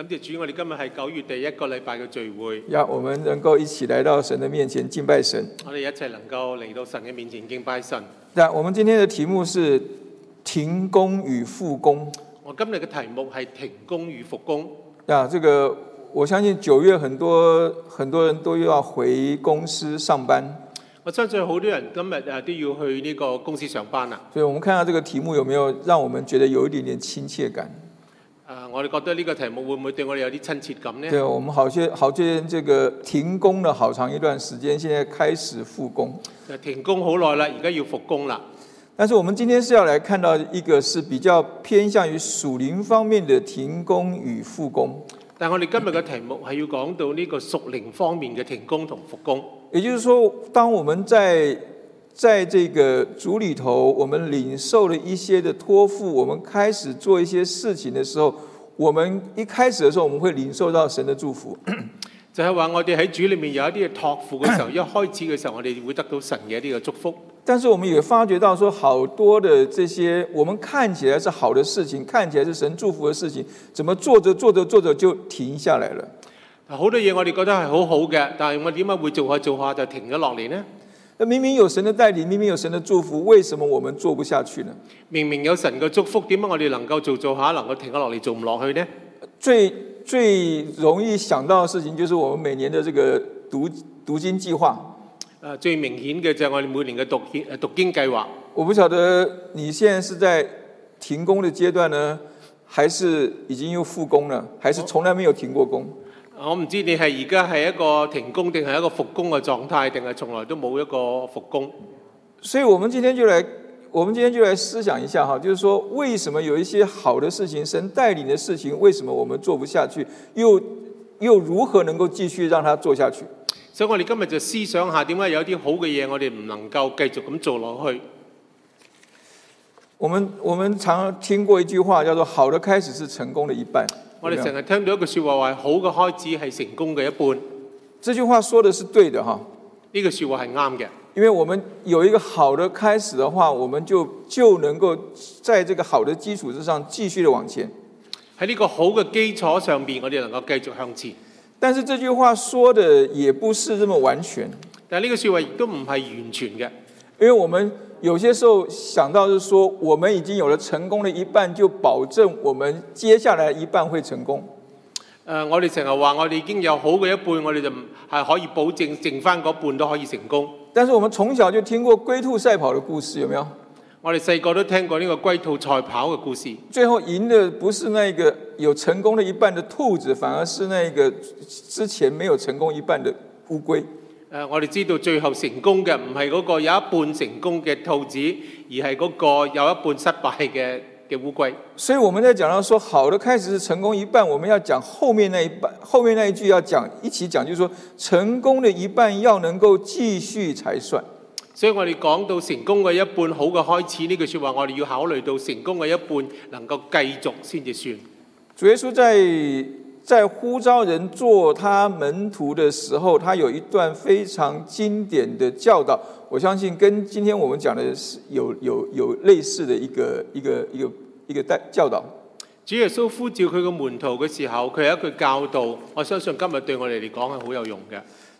咁，感謝主，我哋今日係九月第一個禮拜嘅聚會。呀，yeah, 我們能夠一起來到神嘅面前敬拜神。我哋一齊能夠嚟到神嘅面前敬拜神。啊，yeah, 我們今天嘅題目是停工與復工。我今日嘅題目係停工與復工。啊，yeah, 這個我相信九月很多很多人都要回公司上班。我相信好多人今日啊都要去呢個公司上班啦。所以，我們看下這個題目有沒有讓我們覺得有一點點親切感？我哋覺得呢個題目會唔會對我哋有啲親切感呢？對，我們好些好些人這個停工了好長一段時間，現在開始復工。停工好耐啦，而家要復工啦。但是我們今天是要來看到一個是比較偏向於屬靈方面的停工與復工。但我哋今日嘅題目係要講到呢個屬靈方面嘅停工同復工。嗯。也就是說，當我們在在這個主裡頭，我們領受了一些的託付，我們開始做一些事情的時候。我們一開始的時候，我們會領受到神的祝福，就係話我哋喺主裏面有一啲託付嘅時候，一開始嘅時候，我哋會得到神嘅一啲嘅祝福。但是我們也發覺到，說好多的這些，我們看起來是好的事情，看起來是神祝福的事情，怎麼做着做着做着就停下來了。好多嘢我哋覺得係好好嘅，但係我點解會做下做下就停咗落嚟呢？明明有神的帶領，明明有神的祝福，為什麼我們做不下去呢？明明有神嘅祝福，點解我哋能夠做做下，能夠停咗落嚟做唔落去呢？最最容易想到嘅事情，就是我們每年嘅這個讀讀經計劃。最明顯嘅就係我哋每年嘅讀經讀經計劃。我不曉得你現在是在停工嘅階段呢，還是已經又復工了，還是從來沒有停過工。哦我唔知你係而家係一個停工，定係一個複工嘅狀態，定係從來都冇一個複工。所以我，我們今天就嚟，我們今天就嚟思想一下哈，就是說，為什麼有一些好的事情，神帶領的事情，為什麼我們做不下去？又又如何能夠繼續讓它做下去？所以我哋今日就思想下，點解有啲好嘅嘢，我哋唔能夠繼續咁做落去？我們我們常聽過一句話，叫做“好的開始是成功的一半”。我哋成日聽到一句説話，話好嘅開始係成功嘅一半，這句話說的是對的哈，呢個説話係啱嘅。因為我們有一個好嘅開始嘅話，我們就就能夠在這個好嘅基礎之上繼續的往前。喺呢個好嘅基礎上邊，我哋能夠繼續向前。但是這句話說的也不是這麼完全，但係呢個説話亦都唔係完全嘅，因為我們。有些時候想到就是說，我們已經有了成功的一半，就保證我們接下來一半會成功。誒，我哋成日話我哋已經有好嘅一半，我哋就係可以保證剩翻嗰半都可以成功。但是我們從小就聽過龜兔賽跑的故事，有沒有？我哋細個都聽過呢個龜兔賽跑嘅故事。最後贏的不是那個有成功的一半的兔子，反而是那個之前沒有成功一半的烏龜。誒，我哋知道最後成功嘅唔係嗰個有一半成功嘅兔子，而係嗰個有一半失敗嘅嘅烏龜。烏龜，所以我們在講到說，好的開始是成功一半，我們要講後面那一半，後面那一句要講一起講，就是說成功嘅一半要能夠繼續才算。所以我哋講到成功嘅一半好嘅開始呢句説話，我哋要考慮到成功嘅一半能夠繼續先至算。主耶穌在。在呼召人做他門徒的時候，他有一段非常經典的教導，我相信跟今天我們講的是有有有類似的一個一個一個一個帶教導。主耶穌呼召佢嘅門徒嘅時候，佢係一句教導，我相信今日對我哋嚟講係好有用嘅。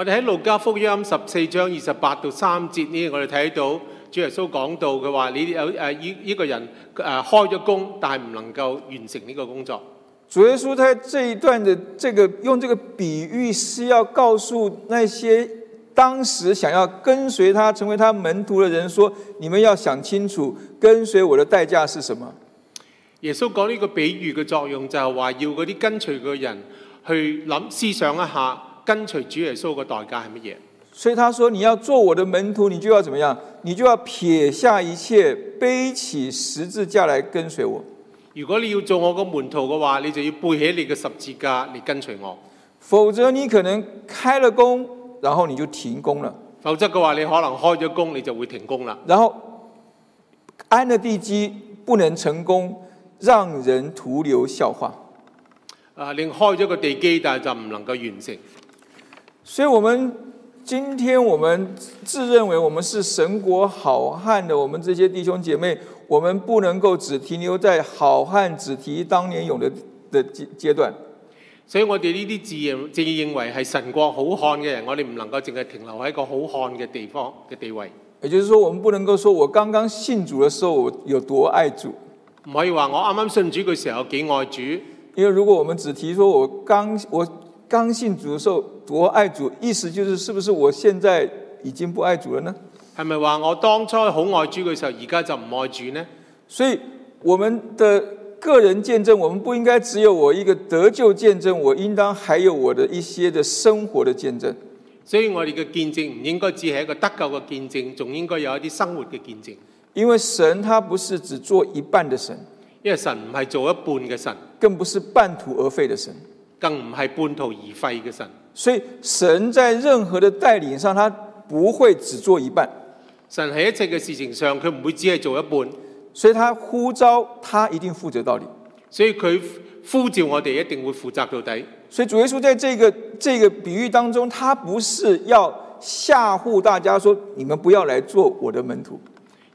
我哋喺路加福音十四章二十八到三節呢，我哋睇到主耶穌講到嘅話：你有誒，依依個人誒開咗工，但係唔能夠完成呢個工作。主耶穌喺這一段嘅，這個用這個比喻，是要告訴那些當時想要跟隨他成為他門徒嘅人，說：你們要想清楚，跟隨我的代價是什麼？耶穌講呢個比喻嘅作用就，就係話要嗰啲跟隨嘅人去諗思想一下。跟隨主耶穌嘅代價係乜嘢？所以他說：你要做我的門徒，你就要怎麼樣？你就要撇下一切，背起十字架來跟隨我。如果你要做我嘅門徒嘅話，你就要背起你嘅十字架嚟跟隨我。否則你可能開了工，然後你就停工了。否則嘅話，你可能開咗工，你就會停工啦。然後安咗地基不能成功，讓人徒留笑話。啊，你開咗個地基，但係就唔能夠完成。所以，我們今天我們自認為我們是神國好漢的，我們這些弟兄姐妹，我們不能夠只停留在好漢只提當年勇的的階階段。所以我哋呢啲自認自認為係神國好漢嘅人，我哋唔能夠淨係停留喺一個好漢嘅地方嘅地位。也就是說，我們不能夠說我剛剛信主的時候我有多愛主，唔可以話我啱啱信主嘅時候幾愛主，因為如果我們只提說我剛我。剛信主嘅時候，我愛主，意思就是，是不是我現在已經不愛主了呢？係咪話我當初好愛主嘅時候，而家就唔愛主呢？所以我們的個人見證，我們不應該只有我一個得救見證，我應當還有我的一些的生活的見證。所以我哋嘅見證唔應該只係一個得救嘅見證，仲應該有一啲生活嘅見證。因為神他不是只做一半嘅神，因為神唔係做一半嘅神，更不是半途而廢嘅神。更唔係半途而廢嘅神，所以神在任何的帶領上，他不會只做一半。神喺一切嘅事情上，佢唔會只係做一半，所以他呼召，他一定負責到底。所以佢呼召我哋，一定會負責到底。所以主耶穌在這個這個比喻當中，他不是要嚇唬大家，說你們不要來做我的門徒。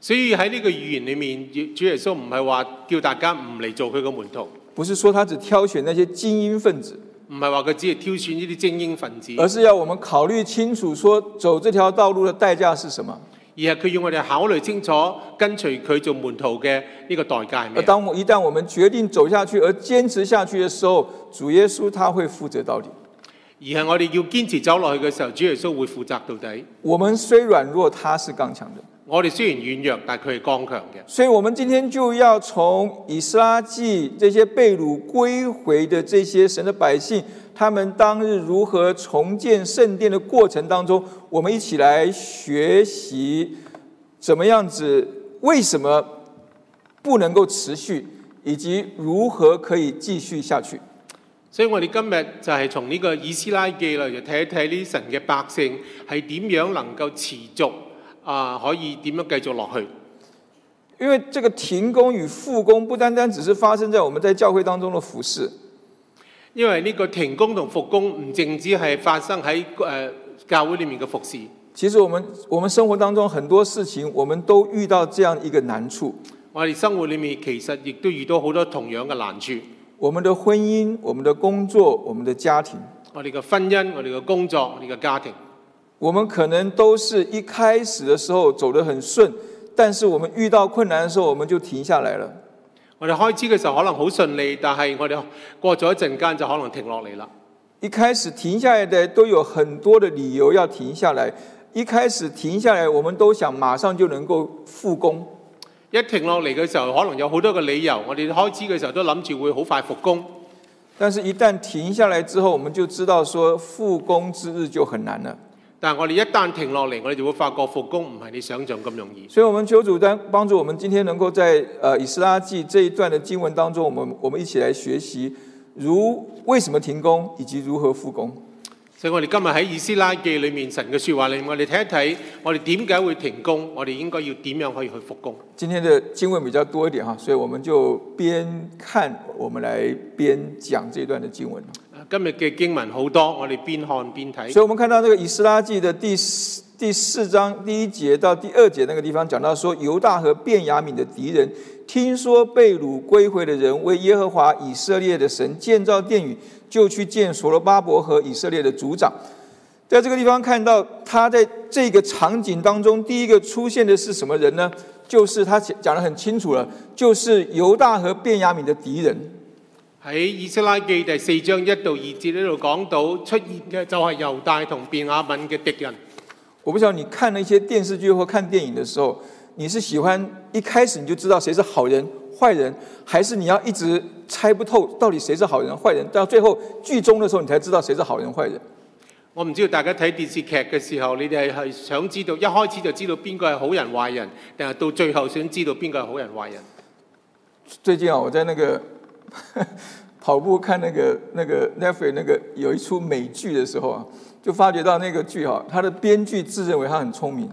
所以喺呢個語言裏面，主耶穌唔係話叫大家唔嚟做佢嘅門徒。不是說他只挑選那些精英分子，唔係話佢只係挑選呢啲精英分子，而是要我們考慮清楚，說走這條道路的代價是什麼？而係佢要我哋考慮清楚跟隨佢做門徒嘅呢個代價係咩？而當我一旦我們決定走下去，而堅持下去嘅時候，主耶穌他會負責到底。而係我哋要堅持走落去嘅時候，主耶穌會負責到底。我們雖軟弱，他是剛強的。我哋雖然軟弱，但佢係剛強嘅。所以，我們今天就要從以斯拉記，這些被擄歸回的這些神的百姓，他們當日如何重建聖殿的過程當中，我們一起來學習，怎麼樣子，為什麼不能夠持續，以及如何可以繼續下去。所以我哋今日就係從呢個以斯拉記嚟，就睇一睇呢，神嘅百姓係點樣能夠持續啊、呃，可以點樣繼續落去？因為這個停工與復工不單單只是發生在我們在教會當中嘅服侍，因為呢個停工同復工唔淨止係發生喺誒、呃、教會裏面嘅服侍。其實我們我們生活當中很多事情，我們都遇到這樣一個難處。我哋生活裏面其實亦都遇到好多同樣嘅難處。我們的婚姻、我們的工作、我們的家庭。我哋嘅婚姻、我哋嘅工作、我哋嘅家庭，我們可能都是一開始的時候走得很順，但是我們遇到困難的時候，我們就停下來了。我哋開始嘅時候可能好順利，但係我哋過咗一陣間就可能停落嚟了。一開始停下來的都有很多的理由要停下來。一開始停下來，我們都想馬上就能夠復工。一停落嚟嘅時候，可能有好多嘅理由。我哋開始嘅時候都諗住會好快復工，但是一旦停下來之後，我們就知道說復工之日就很難了。但我哋一旦停落嚟，我哋就會發覺復工唔係你想象咁容易。所以，我們求主單幫助我們，今天能夠在呃以斯拉記這一段嘅經文當中，我們我們一起來學習，如為什麼停工，以及如何復工。所以我哋今日喺《以斯拉記》裏面神嘅說話咧，我哋睇一睇，我哋點解會停工？我哋應該要點樣可以去復工？今天的經文比較多一點哈，所以我們就邊看，我們來邊講這段嘅經文。今日嘅經文好多，我哋邊看邊睇。所以，我們看到這個《以斯拉記》的第四第四章第一節到第二節那個地方，講到說，猶大和便雅憫的敵人，聽說被擄歸,歸回的人為耶和華以色列的神建造殿宇。就去見所羅巴伯和以色列的族長，在這個地方看到他在這個場景當中，第一個出現的是什麼人呢？就是他講講的很清楚了，就是猶大和便雅憫的敵人。喺《以斯拉記》第四章一到二節喺度講到，出現嘅就係猶大同便雅憫嘅敵人。我不知道你看那些電視劇或看電影的時候，你是喜歡一開始你就知道誰是好人壞人，還是你要一直？猜不透到底誰是好人壞人，到最後劇中的時候你才知道誰是好人壞人。我唔知道大家睇電視劇嘅時候，你哋係想知道一開始就知道邊個係好人壞人，定係到最後先知道邊個係好人壞人？最近啊，我在那個跑步看那個那個 Netflix 那個有一出美劇嘅時候啊，就發覺到那個劇哈，他的編劇自認為他很聰明。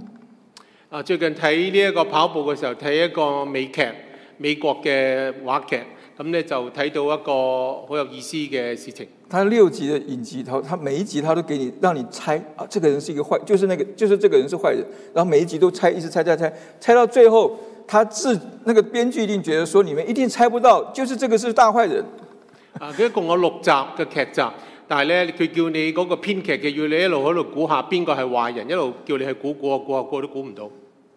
啊，最近睇呢一個跑步嘅時候睇一個美劇，美國嘅話劇。咁咧就睇到一個好有意思嘅事情。他六集嘅影集，然後他每一集他都給你，讓你猜啊，這個人是一個壞，就是那個，就是這個人是壞人。然後每一集都猜，一直猜猜猜，猜到最後，他自那個編劇一定覺得說，你們一定猜不到，就是這個是大壞人。啊，佢一共有六集嘅劇集，但係咧，佢叫你嗰個編劇嘅要你一路喺度估下邊個係壞人，一路叫你係估估啊估啊估都估唔到。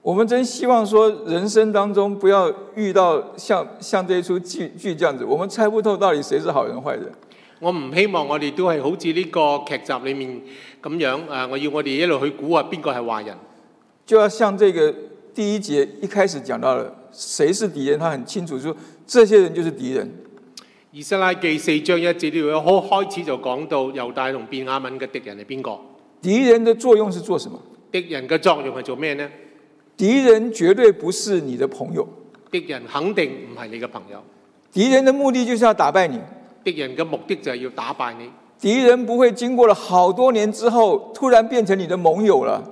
我們真希望說人生當中不要遇到像像這一出劇劇這樣子，我們猜不透到底誰是好人壞人。我唔希望我哋都係好似呢個劇集裏面咁樣，誒、呃，我要我哋一路去估啊，邊個係壞人。就要像這個第一節一開始講到的，誰是敵人？他很清楚，就說這些人就是敵人。以斯拉記四章一節，佢、這、開、個、開始就講到猶大同便雅憫嘅敵人係邊個？敵人的作用是做什麼？敵人嘅作用係做咩呢？敵人絕對不是你的朋友，敵人肯定唔係你嘅朋友。敵人的目的就是要打敗你，敵人嘅目的就是要打敗你。敵人不會經過了好多年之後，突然變成你的盟友了。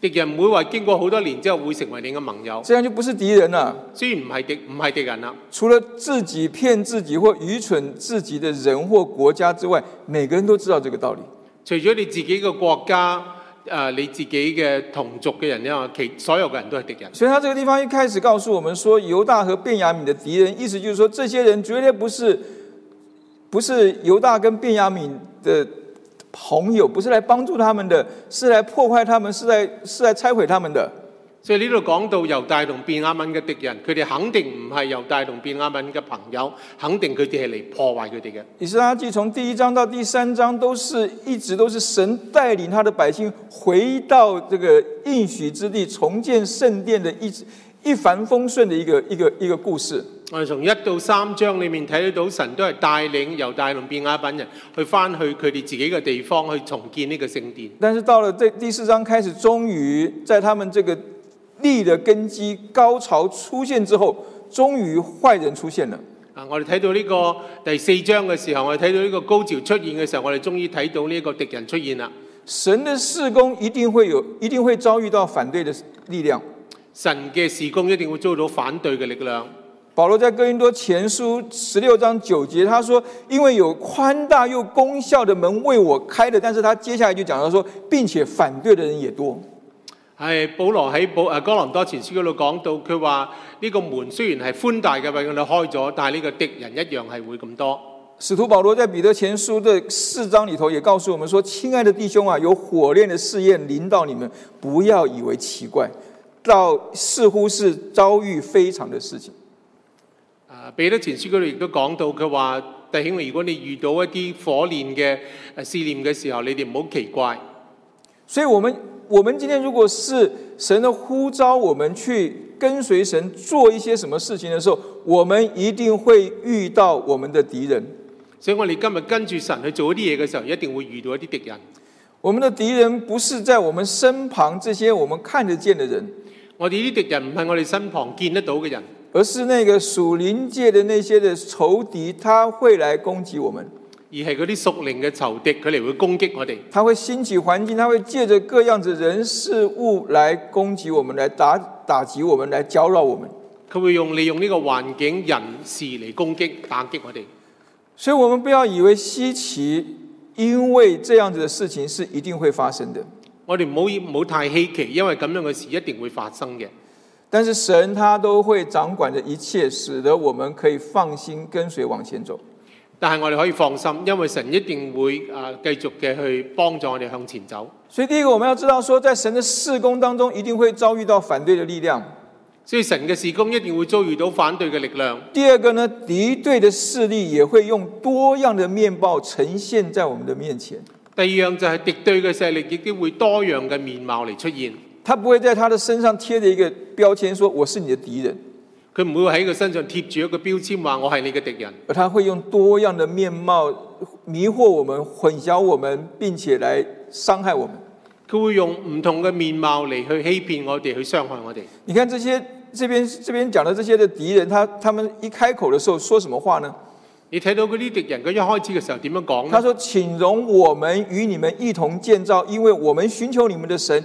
敵人唔會話經過好多年之後會成為你嘅盟友，這樣就不是敵人啦。雖然唔係敵，唔係敵人啦。除了自己騙自己或愚蠢自己的人或國家之外，每個人都知道這個道理。除咗你自己嘅國家。誒你自己嘅同族的人咧，其所有的人都係敵人。所以他這個地方一開始告訴我們說，猶大和便雅憫的敵人，意思就是說這些人絕對不是，不是猶大跟便雅憫的朋友，不是來幫助他們的，是來破壞他們，是來是來拆毀他們的。所以呢度講到猶大同便雅憫嘅敵人，佢哋肯定唔係猶大同便雅憫嘅朋友，肯定佢哋係嚟破壞佢哋嘅。而家自從第一章到第三章都是一直都是神帶領他的百姓回到這個應許之地重建聖殿的一一帆風順的一個一個一個故事。我哋從一到三章裏面睇得到神都係帶領猶大同便雅憫人去翻去佢哋自己嘅地方去重建呢個聖殿。但是到了這第四章開始，終於在他們這個。力的根基高潮出現之後，終於壞人出現了。啊，我哋睇到呢個第四章嘅時候，我哋睇到呢個高潮出現嘅時候，我哋終於睇到呢個敵人出現啦。神的事工一定會有，一定會遭遇到反對的力量。神嘅事工一定會遭到反對嘅力量。保羅在哥林多前書十六章九節，他說：因為有寬大又功效的門為我開的，但是他接下來就講到說，並且反對的人也多。係保羅喺保誒哎、《哥林多前書》嗰度講到，佢話呢個門雖然係寬大嘅，俾我哋開咗，但係呢個敵人一樣係會咁多。使徒保羅在《彼得前書》的四章裏頭也告訴我們說：親愛的弟兄啊，有火煉嘅試驗臨到你們，不要以為奇怪，到似乎是遭遇非常嘅事情。啊，《彼得前書》嗰度亦都講到，佢話弟兄，如果你遇到一啲火煉嘅誒試驗嘅時候，你哋唔好奇怪。所以，我們。我們今天如果是神的呼召，我們去跟隨神做一些什麼事情的時候，我們一定會遇到我們的敵人。所以我哋今日跟住神去做一啲嘢嘅時候，一定會遇到一啲敵人。我們的敵人不是在我們身旁這些我們看得見的人，我哋啲敵人唔係我哋身旁見得到嘅人，而是那個屬靈界嘅那些嘅仇敵，他會來攻擊我們。而係嗰啲屬靈嘅仇敵，佢哋會攻擊我哋。佢會興起環境，他會借着各樣子人事物來攻擊我們，來打打擊我們，來攪擾我們。佢會用利用呢個環境、人事嚟攻擊、打擊我哋。所以，我們不要以為稀奇，因為這樣子嘅事情是一定會發生的。我哋唔好唔好太稀奇，因為咁樣嘅事一定會發生嘅。但是神他都會掌管着一切，使得我們可以放心跟隨往前走。但係我哋可以放心，因為神一定會啊繼續嘅去幫助我哋向前走。所以第一個我們要知道說，說在神嘅事工當中一定會遭遇到反對的力量。所以神嘅事工一定會遭遇到反對嘅力量。第二個呢，敵對嘅勢力也會用多樣嘅面貌呈現在我們嘅面前。第二樣就係敵對嘅勢力亦都會多樣嘅面貌嚟出現。他不會在他的身上貼着一個標籤說，說我是你的敵人。佢唔會喺佢身上貼住一個標籤，話我係你嘅敵人。而他會用多樣嘅面貌迷惑我們、混淆我們，並且來傷害我們。佢會用唔同嘅面貌嚟,去欺騙我哋，去傷害我哋。你看這些，這邊這邊講到這些嘅敵人，他他們一開口嘅時候說什麼話呢？你睇到嗰啲敵人，佢一開始嘅時候點樣講？佢說：請容我們與你們一同建造，因為我們尋求你們嘅神。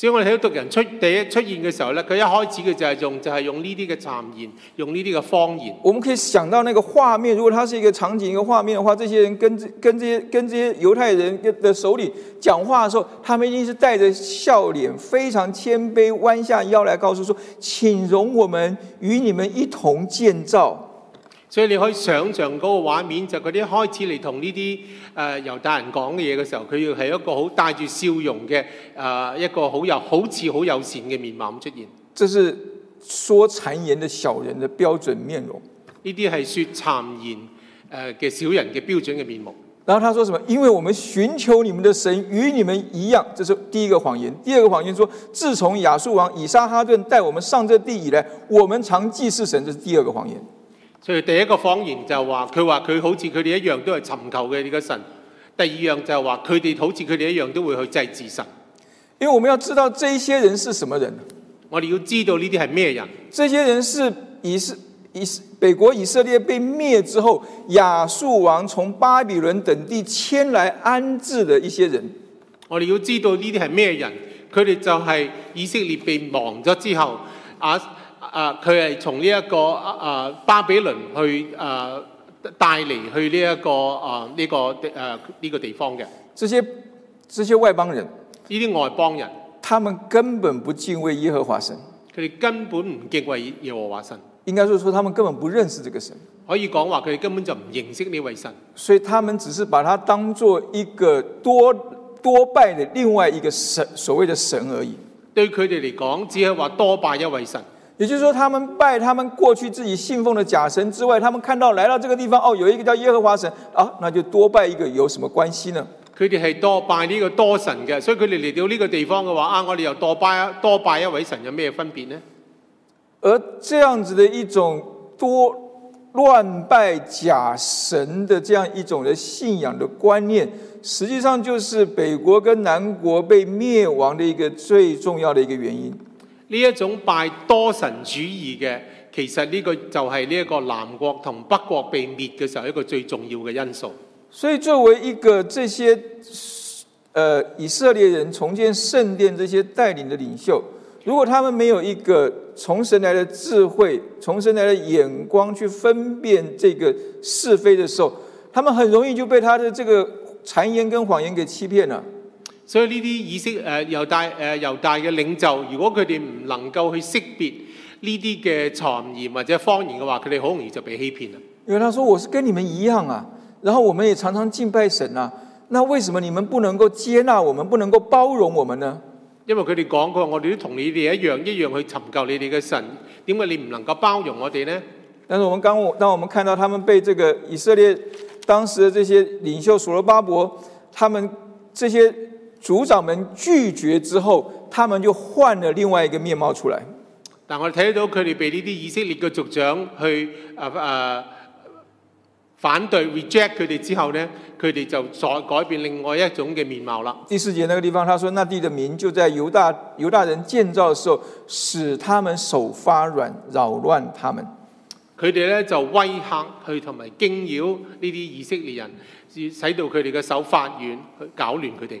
所以我哋睇到敵人出第一出現嘅時候呢，佢一開始佢就係用就係、是、用呢啲嘅讒言，用呢啲嘅謊言。我們可以想到那個畫面，如果它是一個場景、一個畫面的話，這些人跟跟這些跟這些猶太人的的首領講話嘅時候，他們一定是帶著笑臉，非常謙卑，彎下腰來，告訴說：請容我們與你們一同建造。所以你可以想象嗰個畫面，就佢、是、啲開始嚟同呢啲誒猶大人講嘅嘢嘅時候，佢要係一個好帶住笑容嘅啊、呃、一個好有好似好友善嘅面貌咁出現。這是說讒言嘅小人嘅標準面容。呢啲係說讒言誒嘅小人嘅標準嘅面目。然後他說什麼？因為我們尋求你們的神與你們一樣，這是第一個謊言。第二個謊言說，說自從亞述王以撒哈頓帶我們上這地以來，我們常祭祀神，這、就是第二個謊言。所以，第一個謊言就係話，佢話佢好似佢哋一樣都係尋求嘅呢個神。第二樣就係話，佢哋好似佢哋一樣都會去祭祀神。因為我們要知道，這些人係什麼人？我哋要知道呢啲係咩人？這些人是以以，以北國以色列被滅之後，亞述王從巴比倫等地遷來安置的一些人。我哋要知道呢啲係咩人？佢哋就係以色列被亡咗之後，亞、啊啊！佢係、呃、從呢、這、一個啊、呃、巴比倫去啊、呃、帶嚟去呢、這、一個啊呢、呃這個誒呢、呃這個地方嘅。這些這些外邦人，呢啲外邦人，他們根本不敬畏耶和華神，佢哋根本唔敬畏耶和華神。應該說，說他們根本不認識這個神，可以講話佢哋根本就唔認識呢位神，所以他們只是把他當做一個多多拜嘅另外一個神，所謂的神而已。對佢哋嚟講，只係話多拜一位神。也就是說，他們拜他們過去自己信奉的假神之外，他們看到來到這個地方，哦，有一個叫耶和華神啊，那就多拜一個有什麼關係呢？他們係多拜呢個多神嘅，所以佢哋嚟到呢個地方嘅話啊，我哋又多拜多拜一位神有咩分別呢？而這樣子的一種多亂拜假神的這樣一種的信仰的觀念，實際上就是北國跟南國被滅亡的一個最重要的一個原因。呢一種拜多神主義嘅，其實呢個就係呢一個南國同北國被滅嘅時候一個最重要嘅因素。所以作為一個這些，呃、以色列人重建聖殿這些帶領的領袖，如果他們沒有一個從神來嘅智慧、從神來嘅眼光去分辨這個是非嘅時候，他們很容易就被他的這個讒言跟謊言給欺騙啦。所以呢啲意識誒猶、呃、大誒猶、呃、大嘅領袖，如果佢哋唔能夠去識別呢啲嘅讒言或者謊言嘅話，佢哋好容易就被欺騙啦。因為佢哋講佢話，我哋都同你哋一樣一樣去尋求你哋嘅神，點解你唔能夠包容我哋呢？因為佢哋講佢話，我哋都同你哋一樣一樣去尋求你哋嘅神，點解你唔能夠包容我哋呢？但是我們剛我當我們看到他們被這個以色列當時的這些領袖所羅巴伯，他們這些。組長們拒絕之後，他們就換了另外一個面貌出來。但我哋睇到佢哋被呢啲以色列嘅族長去啊啊反對 reject 佢哋之後呢，佢哋就再改變另外一種嘅面貌啦。第四節那個地方，他說：那地的民就在猶大猶大人建造嘅時候，使他們手發軟，擾亂他們。佢哋咧就威嚇佢，同埋驚擾呢啲以色列人，使到佢哋嘅手發軟，去搞亂佢哋。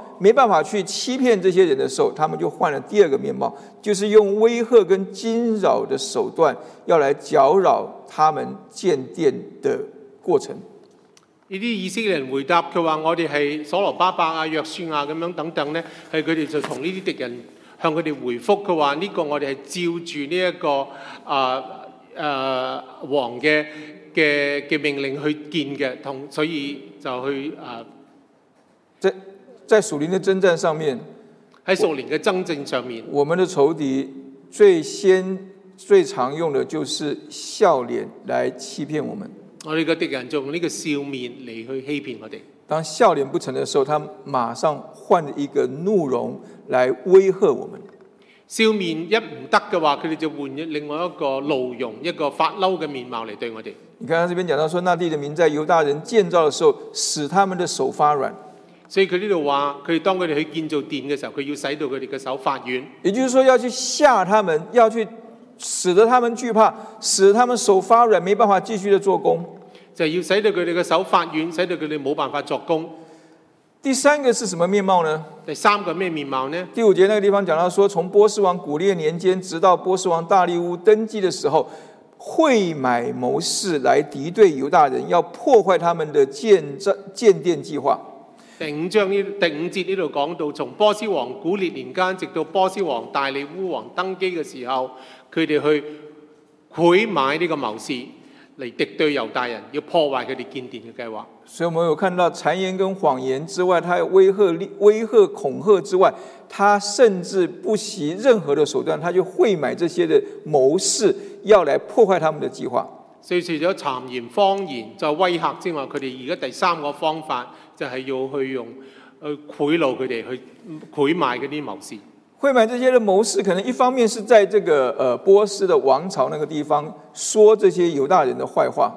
沒辦法去欺騙這些人的時候，他們就換了第二個面貌，就是用威嚇跟驚擾的手段，要來攪擾他們建殿的過程。呢啲以色列人回答佢話：我哋係所羅巴伯啊、約遜啊咁樣等等咧，係佢哋就同呢啲敵人向佢哋回覆，佢話呢個我哋係照住呢一個啊啊、呃呃、王嘅嘅嘅命令去建嘅，同所以就去啊即。呃在屬靈的征戰上面，喺屬靈嘅爭戰上面我，我們的仇敵最先最常用的就是笑臉來欺騙我們。我哋嘅敵人就用呢個笑面嚟去欺騙我哋。當笑臉不成的時候，他馬上換一個怒容來威嚇我們。笑面一唔得嘅話，佢哋就換另外一個怒容，一個發嬲嘅面貌嚟對我哋。你看他這邊講到說，那地的民在猶大人建造嘅時候，使他們的手發軟。所以佢呢度話，佢當佢哋去建造殿嘅時候，佢要使到佢哋嘅手發軟。也就是說，要去嚇他們，要去使得他們懼怕，使得他們手發軟，沒辦法繼續的做工。就要使到佢哋嘅手發軟，使到佢哋冇辦法作工。第三個是什麼面貌呢？第三個咩面貌呢？第五節那個地方講到說，從波斯王古列年間直到波斯王大利烏登基嘅時候，會買謀士來敵對猶大人，要破壞他們的建造建殿計劃。第五章呢第五節呢度講到，從波斯王古列年間，直到波斯王大利烏王登基嘅時候，佢哋去賄買呢個謀士嚟敵對猶大人，要破壞佢哋建殿嘅計劃。所以我有看到讒言跟謊言之外，他威嚇、威嚇、恐嚇之外，他甚至不惜任何的手段，他就賄買這些的謀士，要來破壞他們的計劃。所以除咗讒言、謊言就威嚇之外，佢哋而家第三個方法。就係要去用賄去賄賂佢哋去賄買嗰啲謀士，賄買這些嘅謀士，可能一方面是在這個呃波斯的王朝那個地方，說這些猶大人的壞話，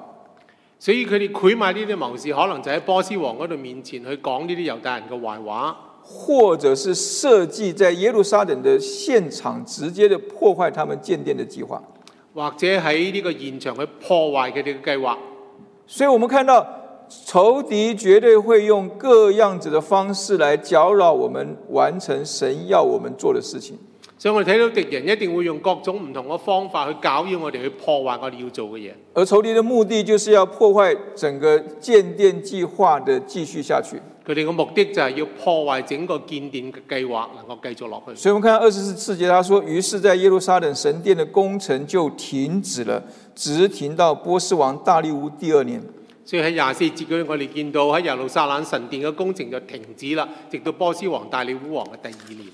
所以佢哋賄買呢啲謀士，可能就喺波斯王嗰度面前去講呢啲猶大人嘅壞話，或者是設計在耶路撒冷嘅現場直接嘅破壞他們建殿的計劃，或者喺呢個現場去破壞佢哋嘅計劃。所以，我們看到。仇敵絕對會用各樣子的方式來攪擾我們完成神要我們做的事情，所以我哋睇到敵人一定會用各種唔同嘅方法去搞擾我哋，去破壞我哋要做嘅嘢。而仇敵的目的就是要破壞整個建殿計劃的繼續下去。佢哋嘅目的就係要破壞整個建殿嘅計劃能夠繼續落去。所以我們看二十四節，他說：於是，在耶路撒冷神殿的工程就停止了，直停到波斯王大利烏第二年。所以喺廿四節嘅我哋見到喺耶路撒冷神殿嘅工程就停止啦，直到波斯王大利烏王嘅第二年。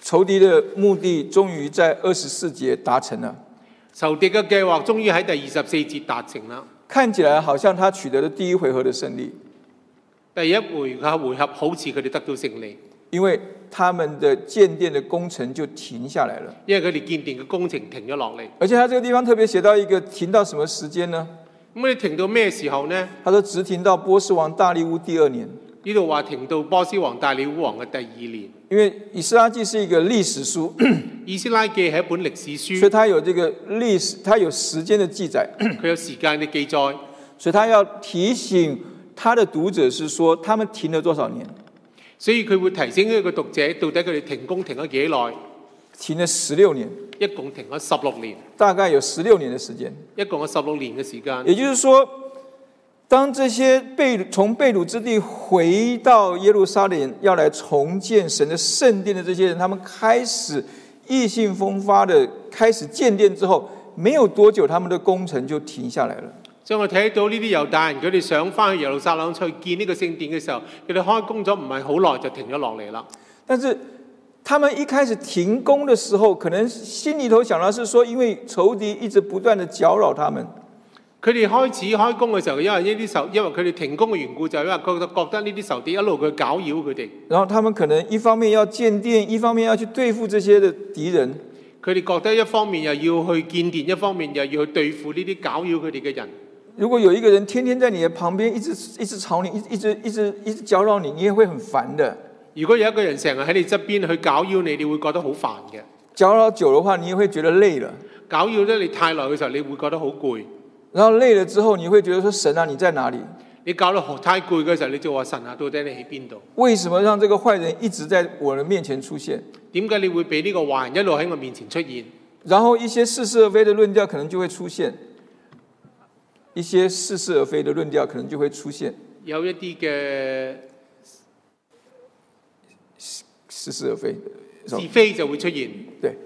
仇敵嘅目的終於在二十四節達成了，仇敵嘅計劃終於喺第二十四節達成啦。看起來好像他取得了第一回合嘅勝利，第一回合回合好似佢哋得到勝利，因為他們嘅建殿嘅工程就停下來了，因為佢哋建殿嘅工程停咗落嚟。而且佢喺呢個地方特別寫到一個停到什麼時間呢？咁你停到咩時候呢？他都只停到波斯王大利烏第二年，呢度話停到波斯王大利烏王嘅第二年。因為《以斯拉記》是一個歷史書，《以斯拉記》係一本歷史書，所以他有這個歷史，佢有時間的記載，佢有時間嘅記載，所以他要提醒他的讀者是說，他們停了多少年，所以佢會提醒一個讀者到底佢哋停工停咗幾耐，停咗十六年。一共停咗十六年，大概有十六年的時間，一共有十六年嘅時間。也就是說，當這些被從被擄之地回到耶路撒冷要來重建神的聖殿的這些人，他們開始意興風發的開始建殿之後，沒有多久，他們的工程就停下來了。所以我睇到呢啲猶大人佢哋想翻去耶路撒冷去建呢個聖殿嘅時候，佢哋開工咗唔係好耐就停咗落嚟啦。但是他們一開始停工的時候，可能心裏頭想到是說，因為仇敵一直不斷的攪擾他們。佢哋開始開工嘅時候，因為呢啲仇，因為佢哋停工嘅緣故，就因為覺得覺得呢啲仇敵一路去攪擾佢哋。然後他們可能一方面要建殿，一方面要去對付這些的敵人。佢哋覺得一方面又要去建殿，一方面又要去對付呢啲攪擾佢哋嘅人。如果有一個人天天在你嘅旁邊一，一直一直吵你，一直一直一直攪擾你，你也會很煩的。如果有一個人成日喺你側邊去搞擾你，你會覺得好煩嘅。攪咗久嘅話，你會覺得累了。搞擾得你太耐嘅時候，你會覺得好攰。然後累了之後，你會覺得說，神啊，你在哪裡？你搞得好太攰嘅時候，你就話，神啊，到底你喺邊度？為什麼讓這個壞人一直在我嘅面前出現？點解你會俾呢個壞人一路喺我面前出現？然後一些似是而非嘅論調可能就會出現，一些似是而非嘅論調可能就會出現。有一啲嘅。似是而非是非就會出現，對，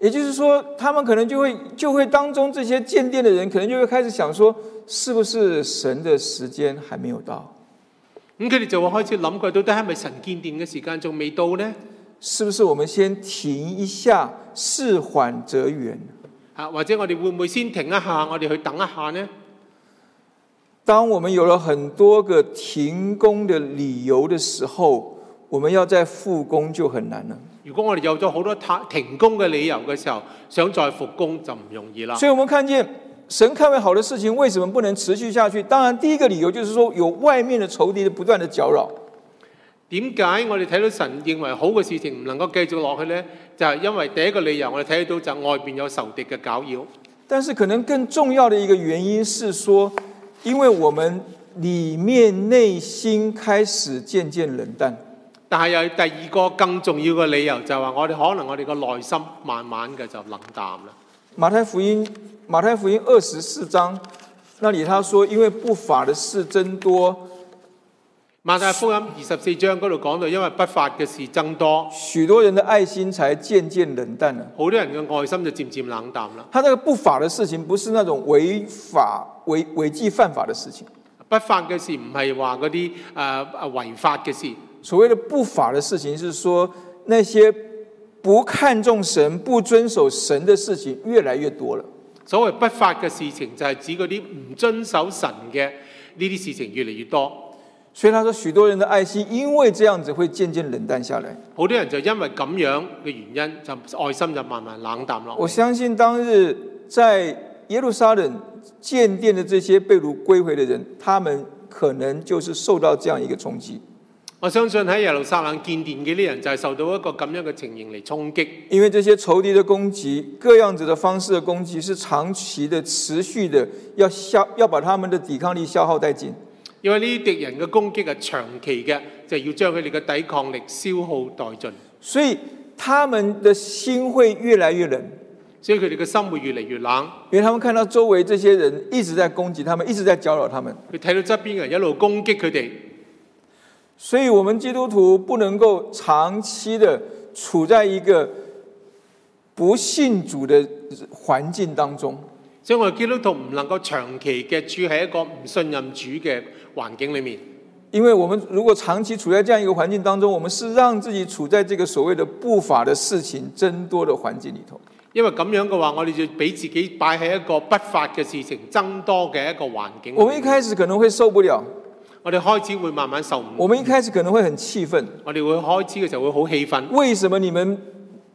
也就是說，他們可能就會就會當中這些建殿的人，可能就會開始想說，是不是神的時間還沒有到？咁佢哋就會開始諗過到底係咪神建殿嘅時間仲未到呢？」「是不是我們先停一下，事緩則圓？吓、啊，或者我哋會唔會先停一下，我哋去等一下呢？當我們有了很多個停工的理由的時候。我們要再復工就很難啦。如果我哋有咗好多停停工嘅理由嘅時候，想再復工就唔容易啦。所以，我們看見神看為好的事情，為什麼不能持續下去？當然，第一個理由就是說有外面的仇敵的不斷的攪擾。點解我哋睇到神認為好嘅事情唔能夠繼續落去呢？就係、是、因為第一個理由，我哋睇到就外邊有仇敵嘅攪擾。但是，可能更重要的一個原因是說，因為我們裏面內心開始漸漸冷淡。但係有第二個更重要嘅理由就係話，我哋可能我哋個內心慢慢嘅就冷淡啦。馬太福音馬太福音二十四章那裏他說，因爲不法嘅事增多。馬太福音二十四章嗰度講到，因爲不法嘅事增多，許多人的愛心才漸漸冷淡。好多人嘅愛心就漸漸冷淡啦。他呢個不法嘅事情，不是那種違法違違紀犯法嘅事情，不法嘅事唔係話嗰啲，誒誒違法嘅事。所謂的不法的事情，是說那些不看重神、不遵守神的事情越來越多了。所謂不法嘅事情，就係指嗰啲唔遵守神嘅呢啲事情越來越多。所以他說，許多人的愛心因為這樣子會漸漸冷淡下來。好多人就因為咁樣嘅原因，就愛心就慢慢冷淡了。我相信當日在耶路撒冷建殿的這些被擄歸回的人，他們可能就是受到這樣一個衝擊。我相信喺耶路撒冷建殿嘅啲人就係受到一個咁樣嘅情形嚟，衝擊。因為這些仇敵嘅攻擊，各樣子的方式嘅攻擊，是長期的、持續的，要消要把他們的抵抗力消耗殆盡。因為呢啲敵人嘅攻擊係長期嘅，就係、是、要將佢哋嘅抵抗力消耗殆盡，所以他們的心會越來越冷，所以佢哋嘅心會越嚟越冷。因為他們看到周圍這些人一直在攻擊他們，一直在攪擾他們，佢睇到側邊嘅人一路攻擊佢哋。所以，我們基督徒不能夠長期的處在一個不信主的環境當中。所以我哋基督徒唔能夠長期的處喺一個唔信任主嘅環境裏面。因為我們如果長期處在這樣一個環境當中，我們是讓自己處在這個所謂的不法的事情增多的環境裏頭。因為咁樣嘅話，我哋就俾自己擺喺一個不法嘅事情增多嘅一個環境。我哋一開始可能會受不了。我哋開始會慢慢受唔了嘅。我們一開始可能會很氣憤，我哋會開始嘅時候會好氣憤。為什麼你們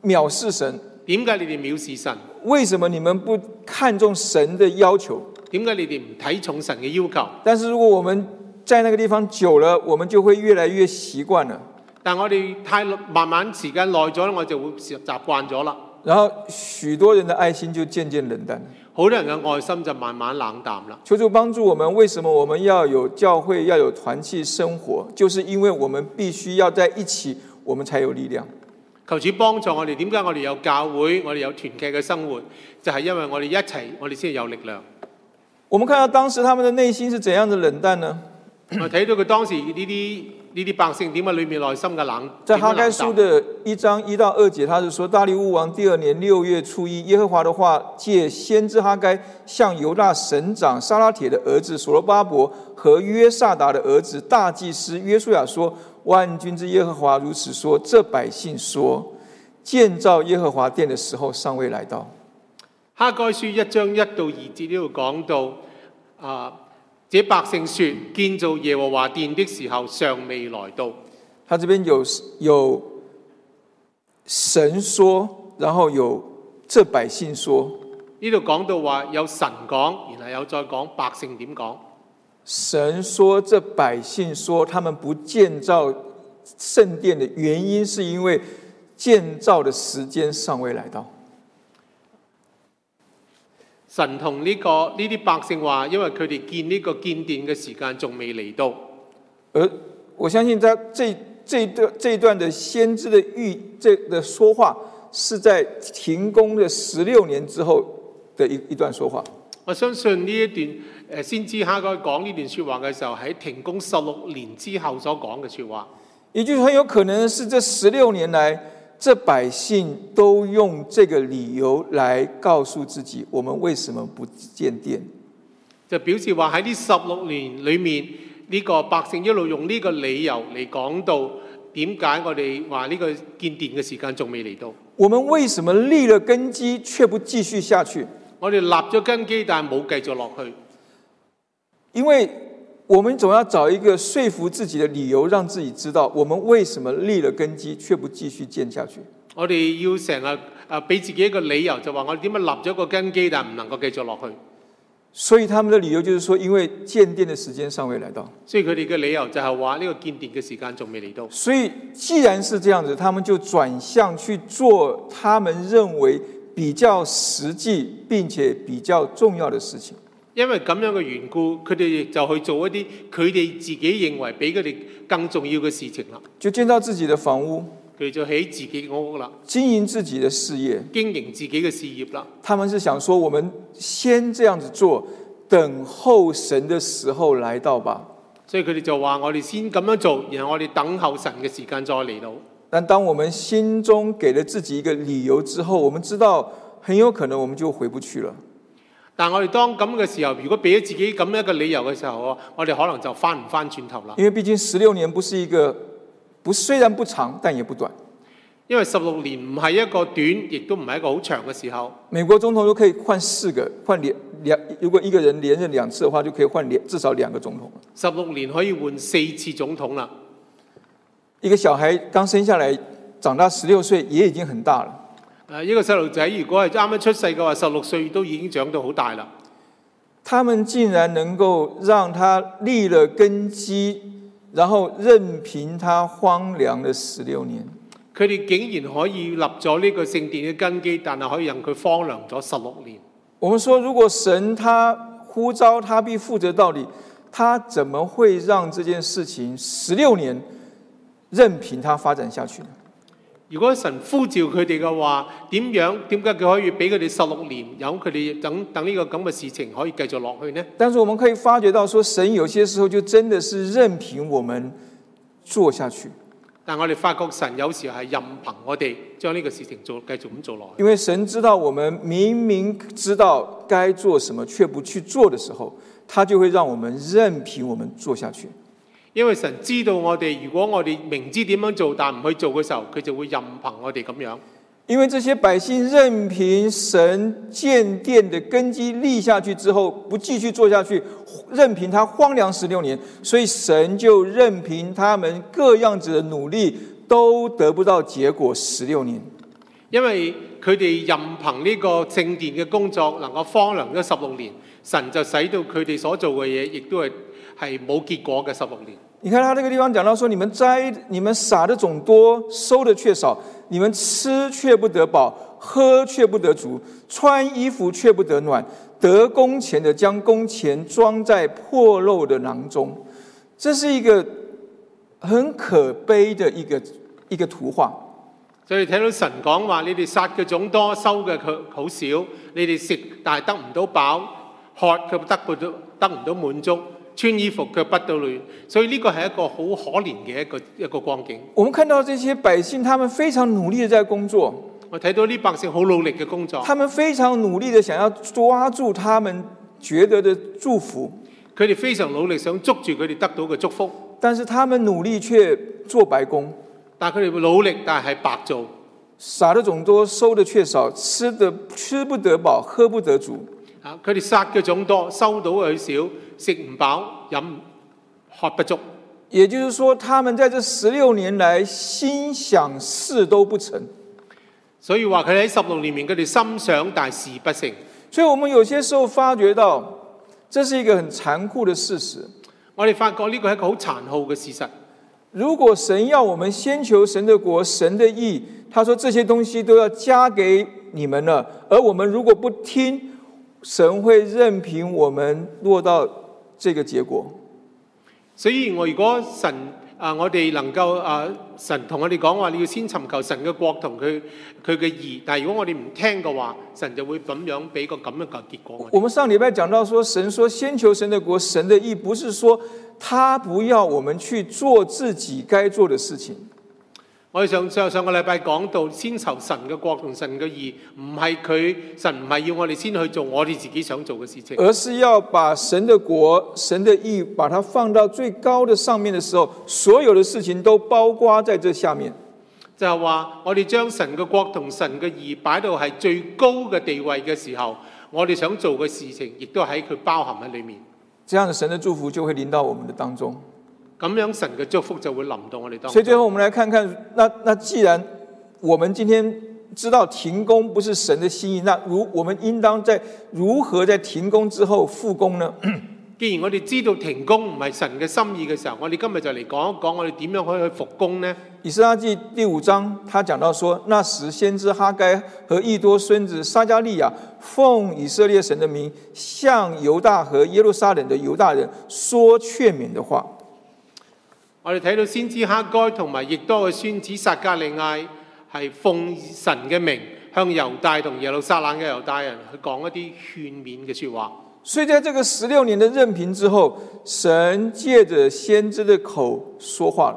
藐視神？點解你哋藐視神？為什麼你們不看重神的要求？點解你哋唔睇重神嘅要求？但是如果我們在那個地方久了，我們就會越來越習慣了。但我哋太慢慢時間耐咗咧，我就會習慣咗啦。然後許多人的愛心就漸漸冷淡。好多人嘅愛心就慢慢冷淡啦。求主幫助我們，為什麼我們要有教會，要有團契生活？就是因為我們必須要在一起，我們才有力量。求主幫助我哋，點解我哋有教會，我哋有團契嘅生活，就係因為我哋一齊，我哋先有力量。我們看到當時他們的內心是怎樣的冷淡呢？我睇到佢當時呢啲。 呢啲百姓點啊？裏面，內心嘅冷。在哈該書的一章一到二節，他是說， 大利烏王第二年六月初一，耶和華的話借先知哈該向猶大省長沙拉鐵的兒子索羅巴伯和約薩達的兒子大祭司約書亞說：萬軍之耶和華如此說，這百姓說建造耶和華殿的時候尚未來到。哈該書一章一到二節呢度講到啊。呃這百姓說建造耶和華殿的時候尚未來到。他這邊有有神說，然後有這百姓說，呢度講到話有神講，然後有再講百姓點講。神說，這百姓說他們不建造聖殿的原因，是因為建造的時間尚未來到。神同呢、這個呢啲百姓話，因為佢哋建呢個建殿嘅時間仲未嚟到。誒，我相信，即係這段這段的先知嘅預，這嘅說話，是在停工嘅十六年之後的一一段說話。我相信呢一段誒先知哈該講呢段説話嘅時候，喺停工十六年之後所講嘅説話，也就很有可能是這十六年來。這百姓都用這個理由來告訴自己，我們為什麼不建殿？就表示話，喺呢十六年裏面，呢個百姓一路用呢個理由嚟講到點解我哋話呢個建殿嘅時間仲未嚟到？我們為什麼立了根基卻不繼續下去？我哋立咗根基，但係冇繼續落去，因為。我們總要找一個說服自己的理由，讓自己知道我們為什麼立了根基卻不繼續建下去。我哋要成日啊，俾自己一個理由，就話我點樣立咗個根基，但唔能夠繼續落去。所以他們的理由就是說，因為建殿的時間尚未來到。所以佢哋嘅理由就係話呢個建殿嘅時間仲未嚟到。所以既然是這樣子，他們就轉向去做他們認為比較實際並且比較重要的事情。因為咁樣嘅緣故，佢哋就去做一啲佢哋自己認為比佢哋更重要嘅事情啦。就建造自己嘅房屋，佢哋就起自己嘅屋啦。經營自己嘅事業，經營自己嘅事業啦。他們是想說，我們先這樣子做，等候神嘅時候來到吧。所以佢哋就話：我哋先咁樣做，然後我哋等候神嘅時間再嚟到。但當我們心中給了自己一個理由之後，我們知道很有可能我們就回不去了。但我哋當咁嘅時候，如果俾咗自己咁樣一個理由嘅時候，我我哋可能就返唔返轉頭啦。因為畢竟十六年不是一個，不，雖然不長，但也不短。因為十六年唔係一個短，亦都唔係一個好長嘅時候。美國總統都可以換四個，換兩兩如果一個人連任兩次嘅話，就可以換兩至少兩個總統。十六年可以換四次總統啦。一個小孩剛生下來，長大十六歲，也已經很大了。誒一個細路仔，如果係啱啱出世嘅話，十六歲都已經長到好大啦。他們竟然能夠讓他立了根基，然後任憑他荒涼了十六年。佢哋竟然可以立咗呢個聖殿嘅根基，但係可以讓佢荒涼咗十六年。我們說，如果神他呼召他必負責到底，他怎麼會讓這件事情十六年任憑他發展下去呢？如果神呼召佢哋嘅話，點樣？點解佢可以俾佢哋十六年，由佢哋等等呢個咁嘅事情可以繼續落去呢？但是我們可以發覺到，說神有些時候就真的是任憑我們做下去。但我哋發覺神有時候係任憑我哋將呢個事情做，繼續咁做落去。因為神知道我們明明知道該做什麼，卻不去做的時候，他就會讓我們任憑我們做下去。因為神知道我哋，如果我哋明知點樣做但唔去做嘅時候，佢就會任憑我哋咁樣。因為這些百姓任憑神建殿的根基立下去之後，不繼續做下去，任憑他荒涼十六年，所以神就任憑他們各樣子的努力都得不到結果十六年。因為佢哋任憑呢個正殿嘅工作能夠荒涼咗十六年，神就使到佢哋所做嘅嘢亦都係。係冇結果嘅十六年。你看他這個地方講到說，你們栽、你們撒的種多，收的卻少；你們吃卻不得飽，喝卻不得足，穿衣服卻不得暖。得工錢的將工錢裝在破漏的囊中，這是一個很可悲的一個一個圖畫。所以聽到神講話，你哋撒嘅種多，收嘅佢好少；你哋食但係得唔到飽，喝佢得不到得唔到滿足。穿衣服卻不得暖，所以呢個係一個好可憐嘅一個一個光景。我們看到這些百姓，他們非常努力地在工作。我睇到啲百姓好努力嘅工作。他們非常努力地想要抓住他們覺得的祝福。佢哋非常努力想捉住佢哋得到嘅祝福，但是他們努力卻做白工。但佢哋會努力，但係白做。撒的種多，收的卻少，吃得吃不得飽，喝不得足。啊！佢哋撒嘅種多，收到嘅少，食唔飽，飲喝不足。也就是說，他們在這十六年來心想事都不成。所以話佢喺十六年面佢哋心想大事不成。所以，我們有些時候發覺到，這是一個很殘酷的事實。我哋發覺呢個係一個好殘酷嘅事實。如果神要我們先求神的國、神的義，他說這些東西都要加給你們了，而我們如果不聽。神會任憑我們落到這個結果，所以我如果神啊，我哋能夠啊，神同我哋講話，你要先尋求神嘅國同佢佢嘅義。但係如果我哋唔聽嘅話，神就會咁樣俾個咁樣嘅結果。我們上禮拜講到說，神說先求神的國，神的義，不是說他不要我們去做自己該做的事情。我哋上上上個禮拜講到，先求神嘅國同神嘅義，唔係佢，神唔係要我哋先去做我哋自己想做嘅事情，而是要把神嘅國、神嘅義把它放到最高的上面嘅時候，所有嘅事情都包括在這下面，就係話，我哋將神嘅國同神嘅義擺到係最高嘅地位嘅時候，我哋想做嘅事情，亦都喺佢包含喺裏面，這樣神嘅祝福就會臨到我們的當中。咁樣神嘅祝福就會臨到我哋當中。所以最後，我們來看看，那那既然我們今天知道停工不是神的心意，那如我們應當在如何在停工之後復工呢？既然我哋知道停工唔係神嘅心意嘅時候，我哋今日就嚟講一講我哋點樣可以去復工呢？以斯拉記第五章，他講到說，那時先知哈該和益多孫子沙加利亞，奉以色列神的名，向猶大和耶路撒冷的猶大人說勸勉的話。我哋睇到先知哈該同埋亦多嘅孫子撒迦利亞，係奉神嘅名向猶大同耶路撒冷嘅猶大人去講一啲勸勉嘅說話。所以，在這個十六年的任憑之後，神借着先知嘅口說話。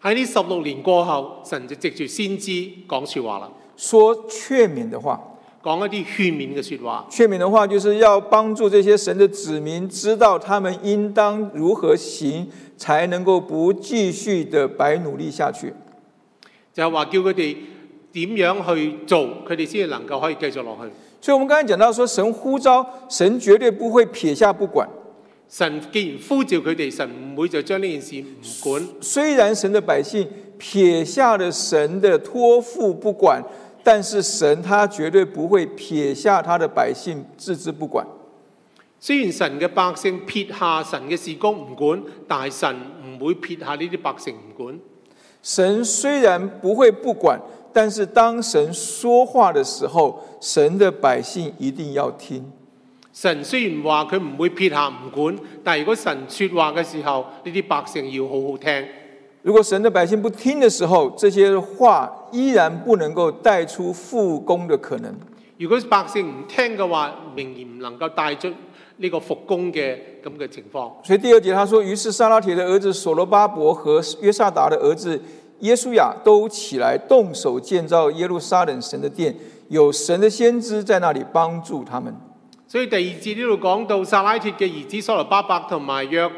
喺呢十六年過後，神就藉住先知講說話啦，說勸勉嘅話，講一啲勸勉嘅說話。說勸勉嘅話，話就是要幫助這些神嘅子民知道他們應當如何行。才能夠不繼續地白努力下去，就係話叫佢哋點樣去做，佢哋先至能夠可以繼續落去。所以，我們剛才講到說，神呼召，神絕對不會撇下不管。神既然呼召佢哋，神唔會就將呢件事唔管。雖然神的百姓撇下了神的託付不管，但是神他絕對不會撇下他的百姓置之不管。雖然神嘅百姓撇下神嘅事工唔管，但係神唔會撇下呢啲百姓唔管。神雖然不會不管，但是當神說話嘅時候，神的百姓一定要聽。神雖然話佢唔會撇下唔管，但如果神說話嘅時候，呢啲百姓要好好聽。如果神的百姓不聽嘅時候，這些話依然不能夠帶出復工的可能。如果百姓唔聽嘅話，仍然唔能夠帶出呢個復工嘅咁嘅情況，所以第二節，佢話：於是撒拉鐵嘅兒子所羅巴伯和約薩達嘅兒子耶書亞都起來，動手建造耶路撒冷神的殿，有神的先知在那裡幫助他們。所以第二節呢度講到撒拉鐵嘅兒子所羅巴伯同埋約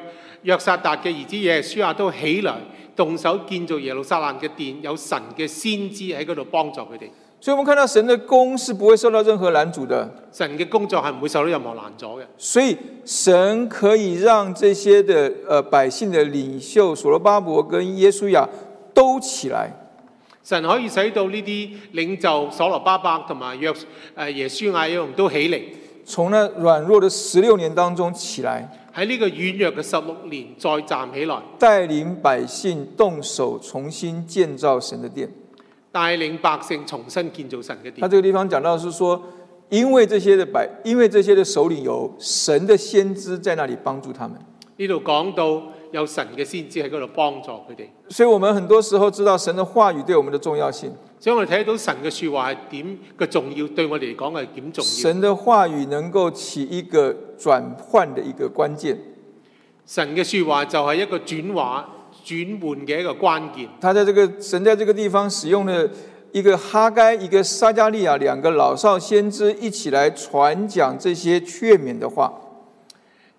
約薩達嘅兒子耶書亞都起來，動手建造耶路撒冷嘅殿，有神嘅先知喺嗰度幫助佢哋。所以我們看到神的工是不會受到任何攔阻的。神嘅工作係唔會受到任何攔阻嘅。所以神可以讓這些的，呃，百姓的領袖所羅巴伯跟耶穌亞都起來。神可以使到呢啲領袖所羅巴伯同埋約誒耶穌亞一樣都起嚟，從那軟弱的十六年當中起來。喺呢個軟弱嘅十六年再站起來，帶領百姓動手重新建造神的殿。帶領百姓重新建造神嘅地方。他這個地方講到是說，因為這些的百，因為這些的首領有神的先知在那裡幫助他們。呢度講到有神嘅先知喺嗰度幫助佢哋。所以，我們很多時候知道神的話語對我們的重要性。所以我哋睇到神嘅說話係點嘅重要，對我哋嚟講係點重要。神的話語能夠起一個轉換嘅一個關鍵。神嘅說話就係一個轉話。轉換嘅一個關鍵，他喺這個神喺這個地方使用嘅一個哈該一個撒加利亞兩個老少先知一起嚟傳講這些勸勉的話。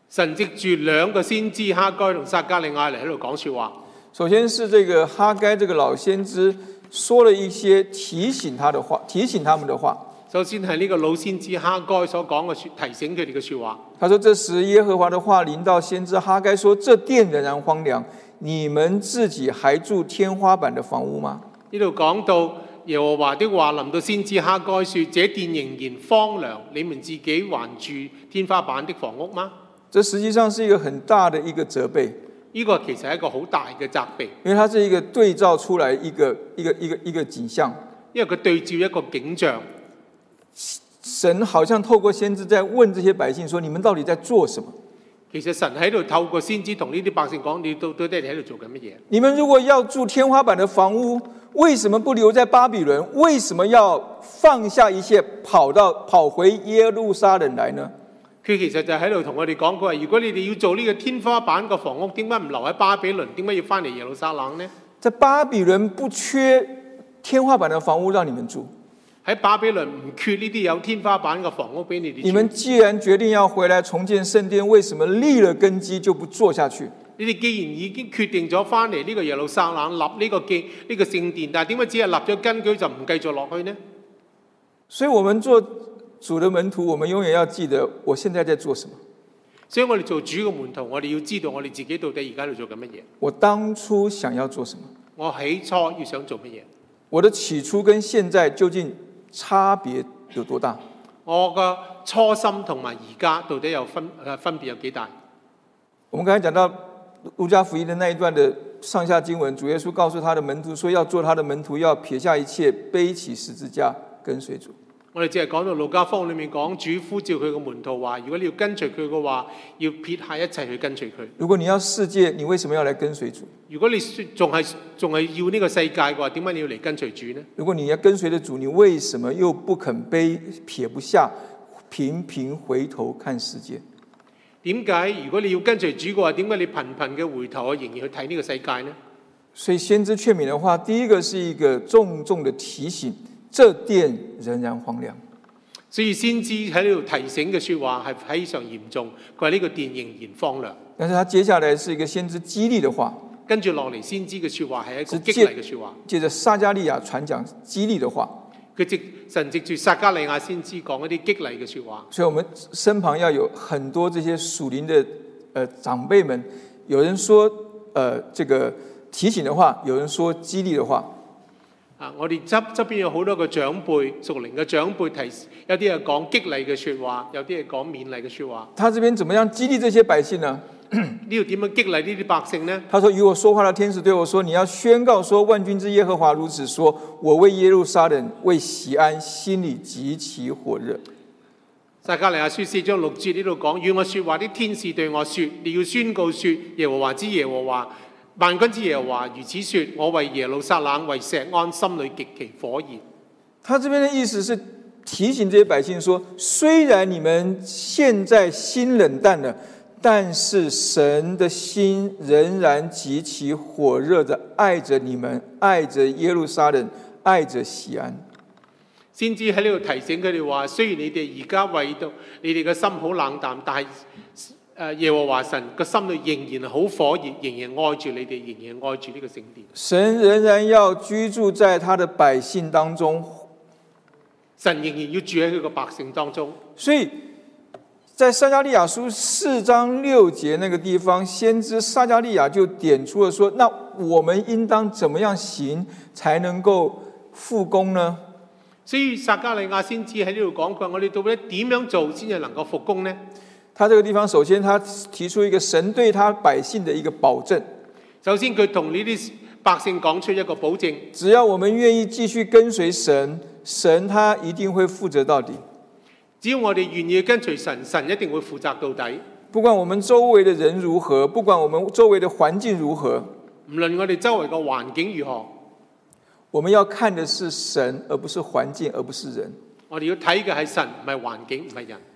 神藉住兩個先知哈該同撒加利亞嚟喺度講説話。首先是這個哈該，這個老先知，說了一些提醒他的話，提醒他們的話。首先係呢個老先知哈該所講嘅説提醒佢哋嘅説話。他說：這時耶和華的話臨到先知哈該，說：這殿仍然荒涼。你們自己還住天花板的房屋嗎？呢度講到耶和華的話臨到先知哈該說：這殿仍然荒涼，你們自己還住天花板的房屋嗎？這實際上是一個很大的一個責備。呢個其實係一個好大嘅責備，因為它是一個對照出來一個一個一個一個，一個景象。因為佢對照一個景象，神好像透過先知在問這些百姓：說你們到底在做什麼？其實神喺度透過先知同呢啲百姓講，你到底喺度做緊乜嘢？你們如果要住天花板嘅房屋，為什麼不留在巴比倫？為什麼要放下一切跑到跑回耶路撒冷來呢？佢其實就喺度同我哋講，佢話如果你哋要做呢個天花板嘅房屋，點解唔留喺巴比倫？點解要翻嚟耶路撒冷呢？在巴比倫不缺天花板嘅房屋讓你們住。喺巴比倫唔缺呢啲有天花板嘅房屋俾你哋住。你們既然決定要回來重建聖殿，為什麼立了根基就不做下去？你哋既然已經決定咗翻嚟呢個耶路撒冷立呢個基呢個聖殿，但係點解只係立咗根基就唔繼續落去呢？所以我們做主的門徒，我們永遠要記得我現在在做什麼。所以我哋做主嘅門徒，我哋要知道我哋自己到底而家喺度做緊乜嘢。我當初想要做什麼？我起初要想做乜嘢？我的起初跟現在究竟？差別有多大？我個初心同埋而家到底有分呃，分別有幾大？我們剛才講到路加福音的那一段的上下經文，主耶穌告訴他的門徒說，要做他的門徒，要撇下一切，背起十字架，跟隨主。我哋只係講到《路加福音》裏面講主呼召佢個門徒話：如果你要跟隨佢嘅話，要撇下一切去跟隨佢。如果你要世界，你為什麼要嚟跟隨主？如果你仲係仲係要呢個世界嘅話，點解你要嚟跟隨主呢？如果你要跟隨嘅主，你為什麼又不肯背撇不下，頻頻回頭看世界？點解，如果你要跟隨主嘅話，點解你頻頻嘅回頭啊，仍然去睇呢個世界呢？所以先知勸勉嘅話，第一個是一個重重的提醒。這殿仍然荒涼，所以先知喺呢度提醒嘅說話係非常嚴重。佢話呢個殿仍然荒涼。但是佢接下來是一個先知激勵嘅話，跟住落嚟先知嘅說話係一個激勵嘅說話。接着撒加利亞傳講激勵嘅話，佢直直承接住撒加利亞先知講一啲激勵嘅說話。所以，我們身旁要有很多這些屬靈嘅，誒，長輩們。有人說，誒，這個提醒嘅話；有人說激勵嘅話。啊！我哋側側邊有好多個長輩、屬靈嘅長輩提示，有啲係講激勵嘅說話，有啲係講勉勵嘅說話。他這邊怎麼樣激勵這些百姓呢？你要點樣激勵呢啲百姓呢？他說：與我說話嘅天使對我說，你要宣告說，萬軍之耶和華如此說，我為耶路撒冷為錫安心裏極其火熱。撒迦利亞書四章六節呢度講，與我說話啲天使對我說，你要宣告說，耶和華之耶和華。萬軍之耶和華如此說，我為耶路撒冷為錫安心裏極其火熱。他這邊的意思是提醒這些百姓說，雖然你們現在心冷淡了，但是神的心仍然極其火熱的愛着你們，愛着耶路撒冷，愛着錫安。先知喺呢度提醒佢哋話，雖然你哋而家為到你哋嘅心好冷淡，但係。誒，耶和華神個心裏仍然好火熱，仍然愛住你哋，仍然愛住呢個聖殿。神仍然要居住在他的百姓當中，神仍然要住喺佢嘅百姓當中。所以在撒加利亞書四章六節那個地方，先知撒加利亞就點出了說：那我們應當怎麼樣行才能夠復工呢？所以撒加利亞先知喺呢度講佢話：我哋到底點樣做先至能夠復工呢？他這個地方，首先他提出一個神對他百姓的一個保證。首先佢同呢啲百姓講出一個保證，只要我們願意繼續跟隨神，神他一定會負責到底。只要我哋願意跟隨神，神一定會負責到底。不管我們周圍的人如何，不管我們周圍的環境如何，無論我哋周圍嘅環境如何，我們要看的是神，而不是環境，而不是人。我哋要睇嘅係神，唔係環境，唔係人。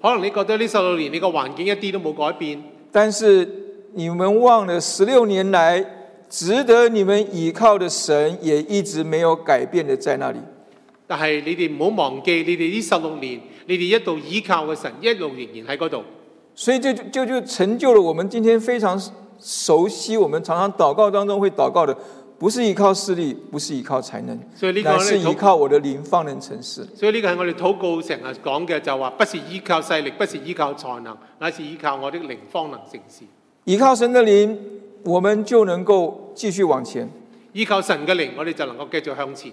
可能你覺得呢十六年你個環境一啲都冇改變，但是你們忘了十六年來值得你們倚靠的神也一直沒有改變的在那裡。但係你哋唔好忘記你，你哋呢十六年你哋一度倚靠嘅神一路仍然喺嗰度，所以就就就，就成就了我們今天非常熟悉，我們常常禱告當中會禱告的。不是依靠勢力，不是依靠才能，所以呢乃是依靠我的靈方能成事。所以呢個係我哋禱告成日講嘅，就話不是依靠勢力，不是依靠才能，乃是依靠我的靈方能成事。依靠神嘅靈，我們就能夠繼續往前。依靠神嘅靈，我哋就能夠繼續向前。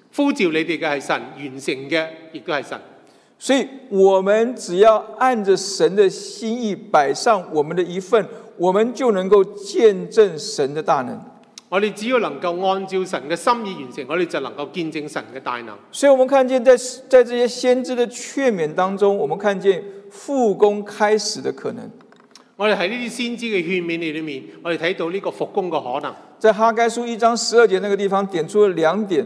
呼召你哋嘅係神，完成嘅亦都係神，所以我們只要按着神的心意擺上我們的一份，我們就能夠見證神的大能。我哋只要能夠按照神嘅心意完成，我哋就能夠見證神嘅大能。所以，我們看見在在這些先知的勸勉當中，我們看見復工開始的可能。我哋喺呢啲先知嘅勸勉裏面，我哋睇到呢個復工嘅可能。在哈該書一章十二節那個地方，點出了兩點。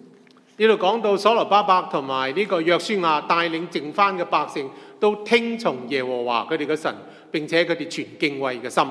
呢度講到所羅巴伯同埋呢個約書亞帶領剩返嘅百姓，都聽從耶和華佢哋嘅神，並且佢哋全敬畏嘅心。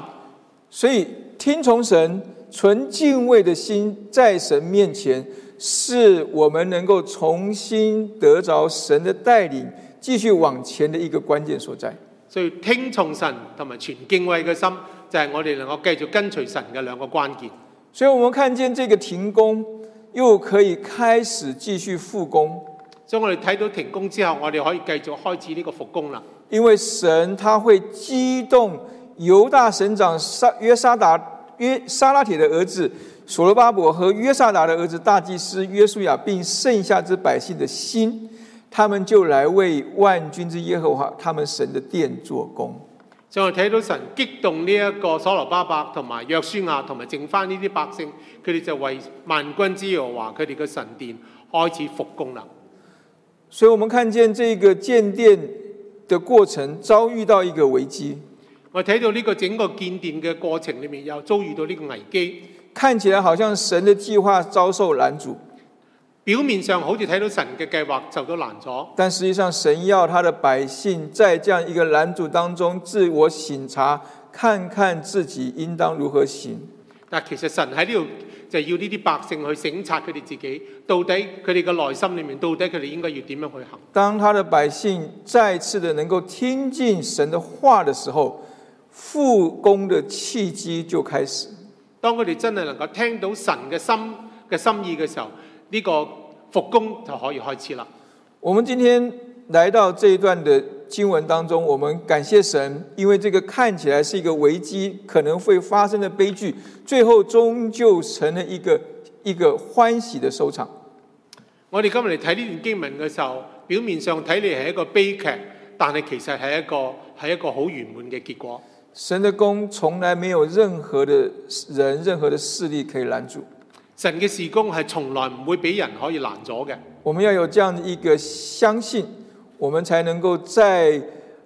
所以聽從神、全敬畏嘅心，在神面前，是我們能夠重新得着神嘅帶領，繼續往前嘅一個關鍵所在。所以聽從神同埋全敬畏嘅心，就係、是、我哋能夠繼續跟隨神嘅兩個關鍵。所以我們看見這個停工。又可以開始繼續復工，所以我哋睇到停工之後，我哋可以繼續開始呢個復工啦。因為神他會激動猶大省長撒約沙達約沙拉鐵的兒子所羅巴伯和約沙達的兒子大祭司約書亞，並剩下之百姓的心，他們就來為萬軍之耶和華他們神的殿做工。就係睇到神激動呢一個所羅巴伯同埋約書亞同埋剩翻呢啲百姓，佢哋就為萬軍之王，話佢哋嘅神殿開始復工啦。所以我們看見這個建殿的過程遭遇到一個危機。我睇到呢個整個建殿嘅過程裏面又遭遇到呢個危機，看起來好像神嘅計劃遭受攔阻。表面上好似睇到神嘅計劃就都攔阻，但實際上神要他的百姓在這樣一個攔阻當中自我省察，看看自己應當如何行。嗱，其實神喺呢度就要呢啲百姓去省察佢哋自己，到底佢哋嘅內心裏面到底佢哋應該要點樣去行。當他的百姓再次的能夠聽進神的話的時候，復工的契機就開始。當佢哋真係能夠聽到神嘅心嘅心意嘅時候，呢個。復工就可以開始啦。我們今天來到這一段的經文當中，我們感謝神，因為這個看起來是一個危機，可能會發生的悲劇，最後終究成了一個一個歡喜的收場。我哋今日嚟睇呢段經文嘅時候，表面上睇嚟係一個悲劇，但係其實係一個係一個好圓滿嘅結果。神的工從來沒有任何的人，任何的勢力可以攔住。神嘅事工係從來唔會俾人可以攔阻嘅。我們要有這樣一個相信，我們才能夠在，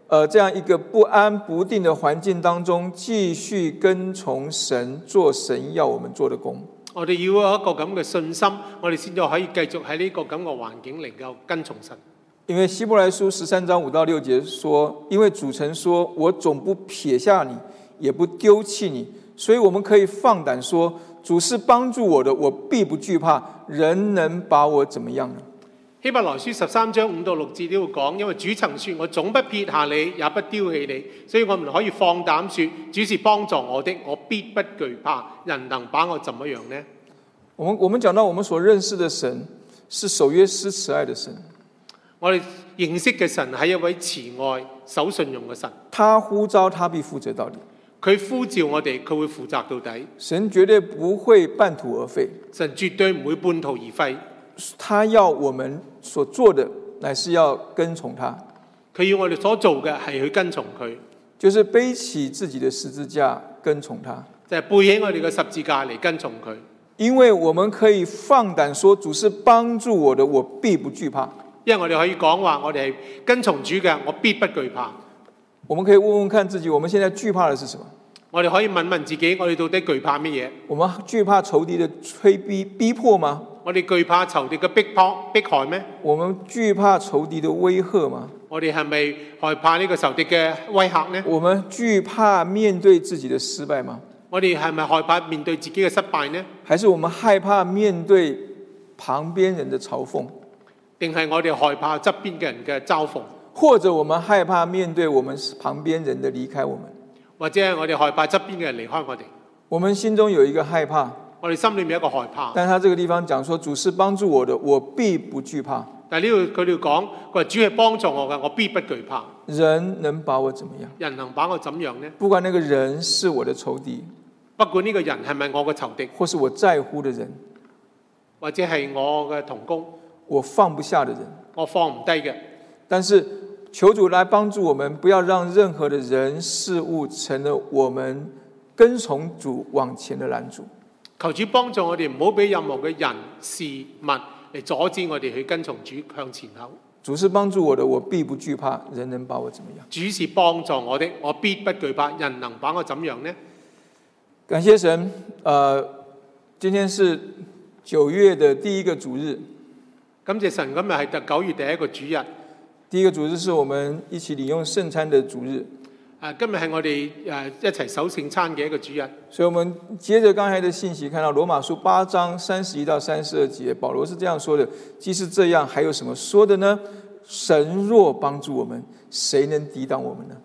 呃、這樣一個不安不定的環境當中，繼續跟從神做神要我們做的工。我哋要有一個咁嘅信心，我哋先至可以繼續喺呢個咁嘅環境能夠跟從神。因為希伯來書十三章五到六節說：因為主曾說我總不撇下你，也不丟棄你，所以我們可以放膽說。主是幫助我的，我必不懼怕，人能把我怎麼樣呢？希伯來書十三章五到六節都會講，因為主曾說：“我總不撇下你，也不丟棄你。”所以我們可以放膽說：“主是幫助我的，我必不懼怕，人能把我怎麼樣呢？”我們我們講到我們所認識的神是守約施慈愛的神，我哋認識嘅神係一位慈愛、守信用嘅神。他呼召，他必負責到底。佢呼召我哋，佢會負責到底。神絕對不會半途而廢，神絕對唔會半途而廢。他要我們所做的，乃是要跟從他。佢要我哋所做嘅係去跟從佢，就是背起自己的十字架跟從他，就係背起我哋嘅十字架嚟跟從佢。因為我們可以放膽說，主是幫助我的，我必不懼怕。因為我哋可以講話，我哋係跟從主嘅，我必不懼怕。我們可以問問看自己，我們現在懼怕的是什麼？我哋可以問問自己，我哋到底懼怕乜嘢？我們懼怕仇敵嘅催逼逼迫嗎？我哋懼怕仇敵嘅逼迫逼害咩？我們懼怕仇敵嘅威嚇嗎？我哋係咪害怕呢個仇敵嘅威嚇呢？我們懼怕面對自己嘅失敗嗎？我哋係咪害怕面對自己嘅失敗呢？還是我們害怕面對旁邊人的嘲諷，定係我哋害怕側邊嘅人嘅嘲諷？或者我們害怕面對我們旁邊人的離開，我們或者我哋害怕側邊嘅人離開我哋。我們心中有一個害怕，我哋心裏面有一個害怕。但係佢這個地方講說，主是幫助我的，我必不懼怕。但係呢度，佢哋講，佢話主係幫助我嘅，我必不懼怕。人能把我怎麼樣？人能把我怎樣呢？不管呢個人是我的仇敵，不管呢個人係咪我嘅仇敵，或是我在乎嘅人，或者係我嘅同工，我放不下嘅人，我放唔低嘅，但是。求主來幫助我們，不要讓任何的人事物成了我們跟從主往前的攔阻。求主幫助我哋，唔好俾任何嘅人事物嚟阻止我哋去跟從主向前走。主是幫助我的，我必不懼怕，人能把我怎麼樣？主是幫助我的，我必不懼怕，人能把我怎麼樣呢？感謝神，呃，今天是九月的第一個主日，感謝神，今日係特九月第一個主日。第一個主日是我們一起領用聖餐的主日。啊，今日係我哋誒一齊守聖餐嘅一個主日。所以，我們接着剛才的信息，看到羅馬書八章三十一到三十二節，保羅是這樣說的：既是這樣，還有什麼說的呢？神若幫助我們，誰能抵擋我們呢？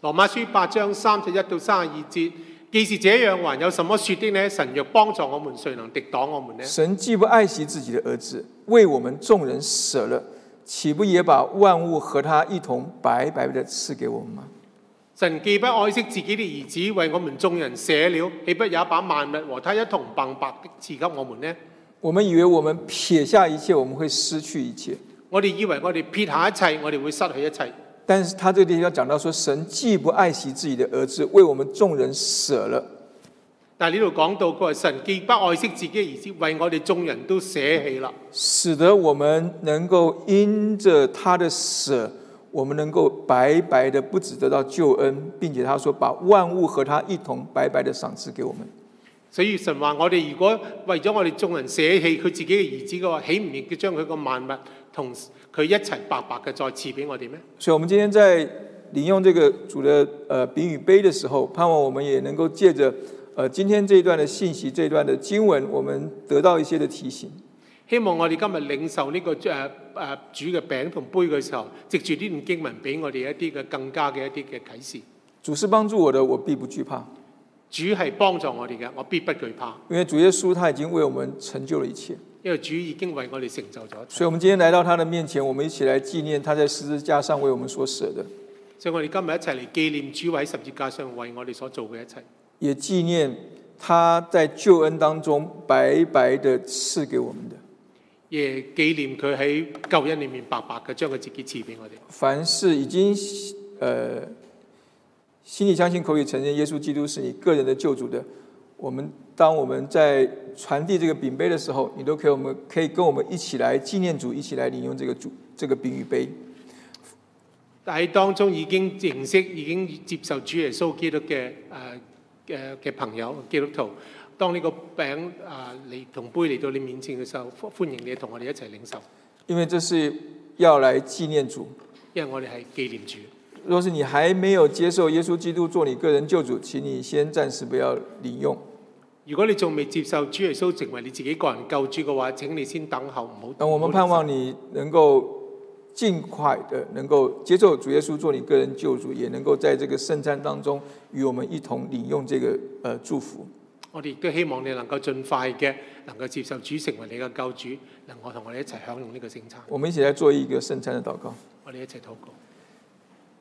羅馬書八章三十一到三十二節，既是這樣，還有什麼說的呢？神若幫助我們，誰能抵擋我們呢？神既不愛惜自己的兒子，為我們眾人捨了。豈不也把萬物和他一同白白的賜給我們嗎？神既不愛惜自己的兒子，為我們眾人捨了，豈不也把萬物和他一同白白的賜給我們呢？我們以為我們撇下一切，我們會失去一切；我哋以為我哋撇下一切，我哋會失去一切。但是他這裏要講到說，神既不愛惜自己的兒子，為我們眾人捨了。但呢度講到佢話，神既不愛惜自己的兒子，為我哋眾人都捨棄啦，使得我們能夠因着他的捨，我們能夠白白的不止得到救恩，並且他說把萬物和他一同白白的賞賜給我們。所以神話我哋如果為咗我哋眾人捨棄佢自己嘅兒子嘅話，豈唔亦將佢個萬物同佢一齊白白嘅再賜俾我哋咩？所以我們今天在領用這個主的誒餅、呃、與杯的時候，盼望我們也能夠借着。呃，今天這一段的信息，這一段的經文，我們得到一些的提醒。希望我哋今日領受呢、這個誒誒主嘅餅同杯嘅時候，藉住呢段經文俾我哋一啲嘅更加嘅一啲嘅啟示。主是幫助我的，我必不懼怕。主係幫助我哋嘅，我必不懼怕。因為主耶穌他已經為我們成就了一切。因為主已經為我哋成就咗。所以，我們今天來到他的面前，我們一起來紀念他在十字架上為我們所捨的。所以我哋今日一齊嚟紀念主喺十字架上為我哋所，所，所做嘅一切。也紀念他在救恩當中白白的賜給我們的，也紀念佢喺救恩裏面白白嘅將佢自己賜俾我哋。凡是已經，誒、呃，心裏相信、口裏承認耶穌基督是你個人的救主的，我們當我們在傳遞這個餅杯的時候，你都可以我們可以跟我們一起來紀念主，一起來領用這個主這個餅與杯。但係當中已經認識、已經接受主耶穌基督嘅誒。呃嘅嘅朋友，基督徒，當呢個餅啊你同杯嚟到你面前嘅時候，歡迎你同我哋一齊領受。因為這是要來紀念主，因為我哋係紀念主。若是你還沒有接受耶穌基督做你個人救主，請你先暫時不要領用。如果你仲未接受主耶穌成為你自己個人救主嘅話，請你先等候，唔好，等我們盼望你能夠。盡快的能夠接受主耶穌做你個人救主，也能夠在這個聖餐當中與我們一同領用這個呃祝福。我哋都希望你能夠盡快嘅能夠接受主成為你嘅救主，能夠同我哋一齊享用呢個聖餐。我們一起來做一個聖餐的禱告。我哋一齊禱告。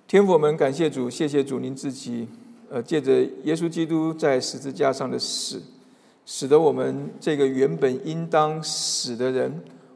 天父，我們感謝主，謝謝主，您自己，呃、借着耶穌基督在十字架上的死，使得我們這個原本應當死的人。